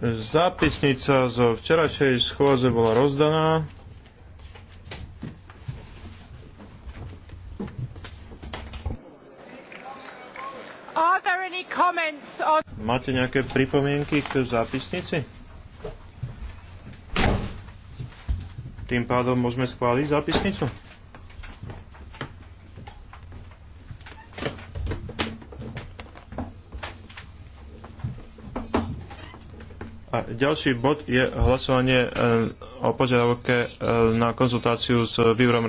Zápisnica zo včerajšej schôze bola rozdaná. Máte nejaké pripomienky k zápisnici? Tým pádom môžeme schváliť zápisnicu? A ďalší bod je hlasovanie eh, o požiadavke eh, na konzultáciu s výborom